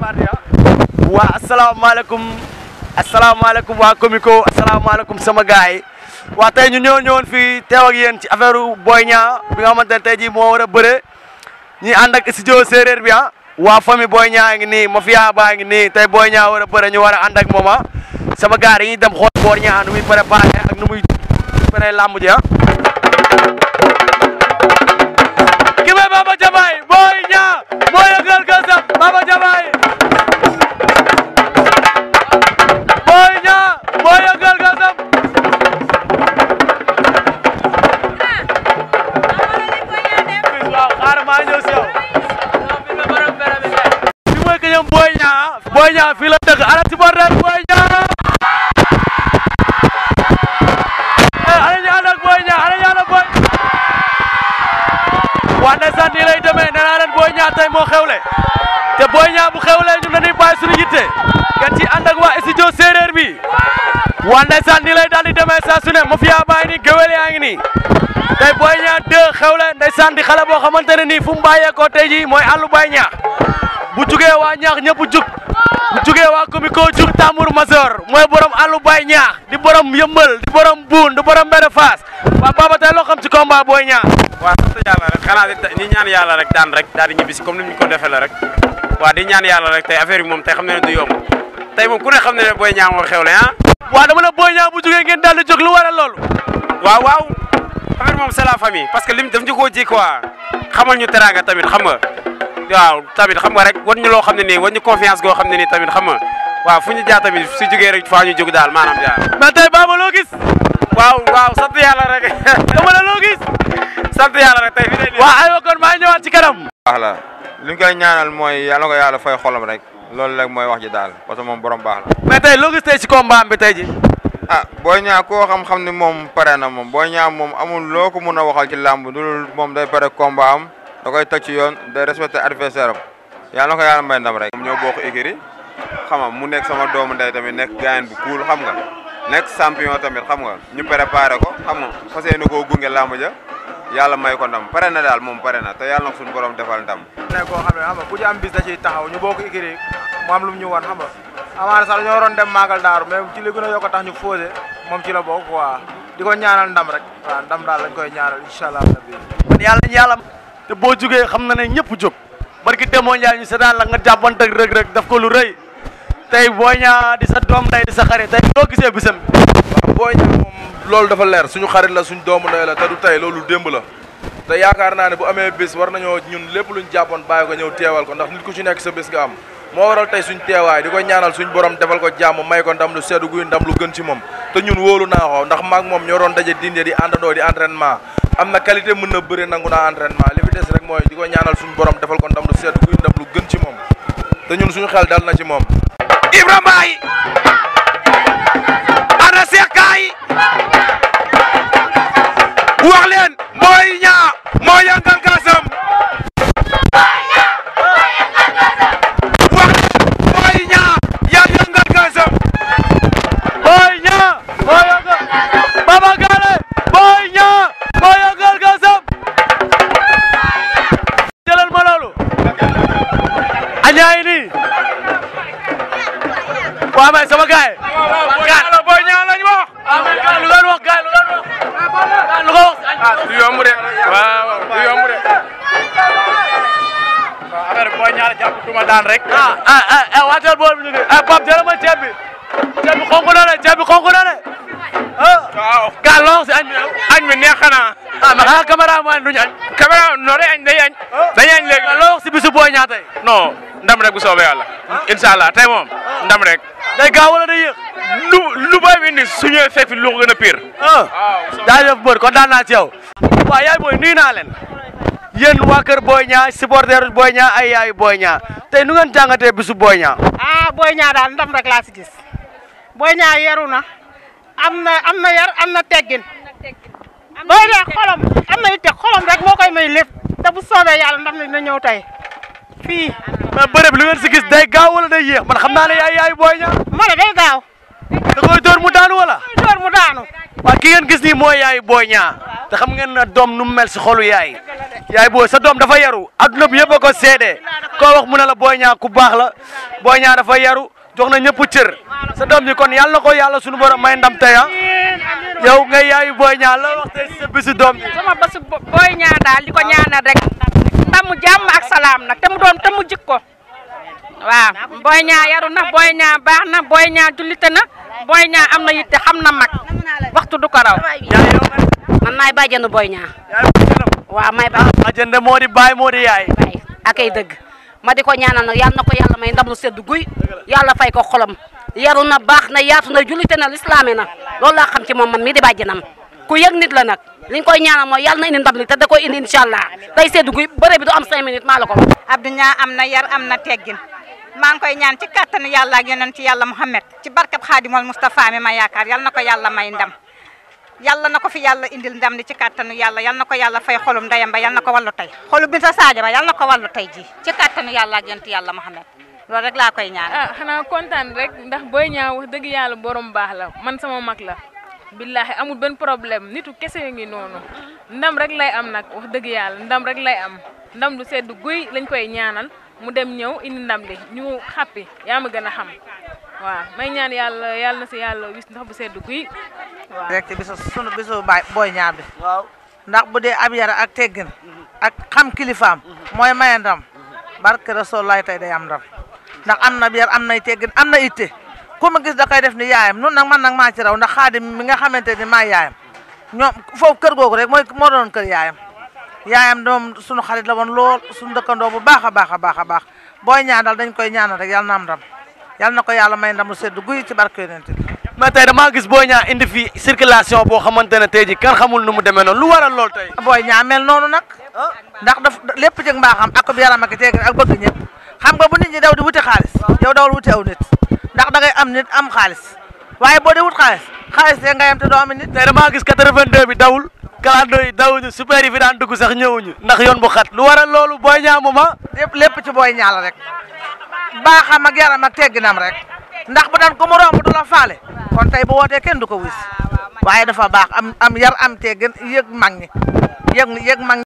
Ah. waa asalaamaaleykum asalaamaaleykum waa Comico asalaamaaleykum sama gars yi waa te ñu ñëw ñëwoon fii teew ak ci affaire Boy Niang bi nga xamante ne tey jii moo war a bëre ñi ànd si studio séeréer bi ah waa famille Boy Niang ngi nii mafia baa ngi nii tey Boy Niang war a bëre ñu war a ànd ak ah. sama gaar yi ñuy dem xool Boy Niang nu muy préparé ak nu muy préparé làmb ji ah Niang fii la dëkk ala supporter Boy Niang ala ñu waa ndeysaan nii lay demee nee naa leen Boy tey moo xewle te Boy Niang bu xewle ñun dañuy bàyyi suñu yitte ngeen ci ànd waa studio séeréer bi waa ndeysaan nii lay daal di demee saa su ne ma fiyaa baa géwél yaa ngi nii tey Boy Niang 2 xewle ndeysaan di xale boo xamante ne nii fu mu bàyyeekoo tey jii mooy àllu Baye Niakh bu jugee waa Niakh ñëpp jug bu jugee waa commune koo jug Tambour Major mooy borom àllu Baye ñaax di borom yëmbal di borom buun di borom benn faas waaw Baba tey loo xam ci combat booy ñaax. waaw sant yàlla rek xanaa di ñaan yàlla rek daan rek daal di ñibbisi comme ni ñu ko defee la rek waaw ñaan yàlla rek tey affaire bi moom tey xam na ne du yomb tey moom ku ne xam na ne booy ñaax moo xewle ah. waaw dama la booy ñaax bu jugee ngeen daal di jóg lu waral loolu. waaw waaw affaire moom c'est la famille parce que lim daf ñu koo ji quoi xamal ñu teraanga tamit xam nga. waaw tamit xam nga rek wan ñu loo xam ne nii wan ñu confiance goo xam ne nii tamit xam nga waaw fu ñu jaar tamit su jógee rek faa ñu jóg daal maa jaar mais tey Baba loo gis waaw waaw sant yàlla rek dama la loo gis sant yàlla rek tey fi ne waaw aywa kon maa ñëwaat ci kanam baax la li ñu koy ñaanal mooy yàlla ko yàlla fay xolam rek loolu rek mooy wax ji daal parce moom borom baax la mais tey loo gis tey ci combat bi tey ji ah Boy Niang koo xam-xam moom pare na moom Boy Niang moom amul loo ko mun a waxal ci làmb dul moom day pare combat da koy yoon day respecté adversaire am yàlla na ko yàlla may ndam rek. ñoom ñoo bokk écurie xam nga mu nekk sama doomu ndey tamit nekk gaayen bu cool xam nga nekk champion tamit xam nga ñu préparé ko xam nga fas yéene koo gunge làmb ja yàlla may ko ndam pare na daal moom pare na te yàlla na ko suñu borom defal ndam. ne ko xam ne xam nga ku ci am bis da ciy taxaw ñu bokk écurie mu am lu mu ñu wan xam nga amaana sax dañoo waroon dem màggal daaru mais ci li gën a yokk di ko ñaanal ndam rek ndam daal lañ koy ñaanal incha allah te boo jugee xam na ne ñëpp jóg barki demoo Ndiaye ñu seetaan la nga jàppante deg rek Reug daf ko lu rëy tey Boy Niang di sa doom day di sa xarit tey gisee bisam. waaw Boy Niang loolu dafa leer suñu xarit la suñu doomu ndey la te du démb la. te yaakaar naa ne bu amee bés war nañoo ñun lépp luñ jàppoon bàyyi ko ñëw teewal ko ndax nit ku ci nekk sa bés nga am moo waral tey suñ teewaay di ko ñaanal suñ borom defal ko jàmm may ko ndam lu seddu guy ndam lu gën ci moom te ñun wóolu naa ko ndax maag moom ñoo doon daje dinde di àndandoo di entraînement am na qualité mën na bëre nangu naa entraînement li fi des rek mooy di ko ñaanal suñu borom defal ko ndam lu sedd kuy ndam lu gën ci moom te suñu xel dal na ci moom Ibrahima Mbaye sama gaay yi. booy ñaan lañ wax. lu doon wax gaay lu doon wax. lu ko wax. ah du yomb de waaw du yomb de. waaw affaire booy ñaan jàpp duma daan rek. ah ah ah, ah waatal bool bi ñu ne ah Pape jërë ma ceeb bi ceeb bi xonk na de ceeb bi xonk na de. waaw gàllankoor si añ bi añ a neex xanaa. ah mais xanaa ah, caméraman duñu añ. caméraman non day añ day añ. Ah. dañuy añ loo si bisu booy ñaata non ndam rek bu ah. allah tey moom ndam rek. day gaaw wala lu lu booy bi indi su ñëwee fi lu ko gën a pire. waaw kon daan naa ci yow. yaay booy nuyu naa leen. yéen waa kër supporter Boy Niang ay yaayu Boy Niang tey nu ngeen jàngatee bisu Boy Niang. ah Boy daal ndam rek laa si gis Boy Niang yeru na am na am na yar am na teggin boo dee xolom am na itte xolom rek moo koy may lépp te bu soobee yàlla ndam na ñëw tey fii. mais ah, bërëb lu ngeen si gis day gaaw wala day yéex man xam naa ne yaay yaay booy ñaar. ma ne day gaaw. da koy dóor mu daanu wala. da ah, ki ngeen gis ni mooy yaay booy ñaa te xam ngeen na doom nu mu mel si xolu yaay. yaay booy sa doom dafa yaru adduna bi yëpp ko seede koo wax mu ne la booy ñaar ku baax la booy ñaar dafa yaru. jox na ñëpp cër sa doom ji kon yàlla na ko yàlla suñu borom may ndam tey ah. yow ngay yaayu booy ñaa la wax tey sa bisu doom bi sama bésu booy ñaa daal di ko ñaanal rek ndamu jàmm ak salaam nag te mu doon te mu jik ko waaw booy ñaa yaru na booy ñaa baax na booy ñaa jullite na booy ñaa am na yitte xam na mag waxtu du ko raw man maay bàjjenu booy ñaa waaw may bàjjen ah, de moo di baay moo di yaay akay dëgg ma di ko ñaana nag yal na ko yàlla may ndam lu sedd guy yàlla fay ko xolam yaru na baax na yaatu na jullite na lislaame na loolu laa xam ci moom man mii di bàjjanam ku yëg nit la nag liñ koy ñaanal mooy yàlla na indi ndam li te da koy indi incha allah day sedd guy bëre bi du am 5 minutes maa la ko wax. Abdou am na yar am na teggin maa ngi koy ñaan ci kattanu yàlla ak yonent ci yàlla Muhammad ci barkab Xaadimul Mustafa mi ma yaakaar yal na ko yàlla may ndam. yàlla na ko fi yàlla indil ndam ni ci kàttanu yàlla yàlla na ko yàlla fay xolum ndeyam ba yàlla na ko wàllu tey xolu Binta Sadio ba yàlla ko wàllu tey ji ci kàttanu yàlla ak yonent yàlla Muhammad loolu rek laa koy ñaan. ah xanaa kontaan rek ndax Boy Niang dëgg yàlla borom baax la man sama mag la. billahi amul benn problème nitu kese ngi noonu ndam rek lay am nag wax dëgg yàlla ndam rek lay am ndam lu sedd guy lañ koy ñaanal mu dem ñëw indi ndam li ñu xàppi yaa ma gën a xam. waaw may ñaan yàlla yàlla na si yàlla wis ndox bu sedd guy. waaw direct bisu sunu bisu baay booy ñaar bi. waaw ndax bu dee ab yara ak teggin. ak xam kilifaam. mooy maye ndam. barke Rasulullaay tey day am ndam. ndax am na yar am nay teggin am na itte ku ma gis da koy def ni yaayam nun nag man nag maa ci raw ndax xaadim mi nga xamante ni maa yaayam ñoom kër googu rek mooy moo doon kër yaayam yaayam moom sunu xarit la woon lool sunu dëkkandoo bu baax a baax a baax a baax booy ñaan dañ koy ñaanal rek yàlla na yal na ko yàlla may ndamu sedd guy ci barke yonent bi mais tey damaa gis indi fi circulation boo xamante ne tey ji kan xamul nu mu demee noonu lu waral lool tey Boy Niang mel noonu nag ah. ndax daf lépp jëg mbaa xam ak yaram ak teeg ak bëgg ñëpp xam nga bu nit ñi daw di wuti xaalis yow dawal wuti aw nit ndax da ngay am nit am xaalis waaye boo di wut xaalis xaalis te nga yem te doo am nit tey damaa gis dee bi dawul clando yi dawuñu super yi fi daan dugg sax ñëwuñu ndax yoon bu xat lu waral loolu Boy Niang mooma ah? lépp lépp ci Boy Niang la rek baaxam ak yaram ak tegginam rek ndax bu daan ko mu romb du faale kon tey bu wootee kenn du ko wis ah, waaye dafa baax am am yar am teggin yëg mag ñi yëg yëg mag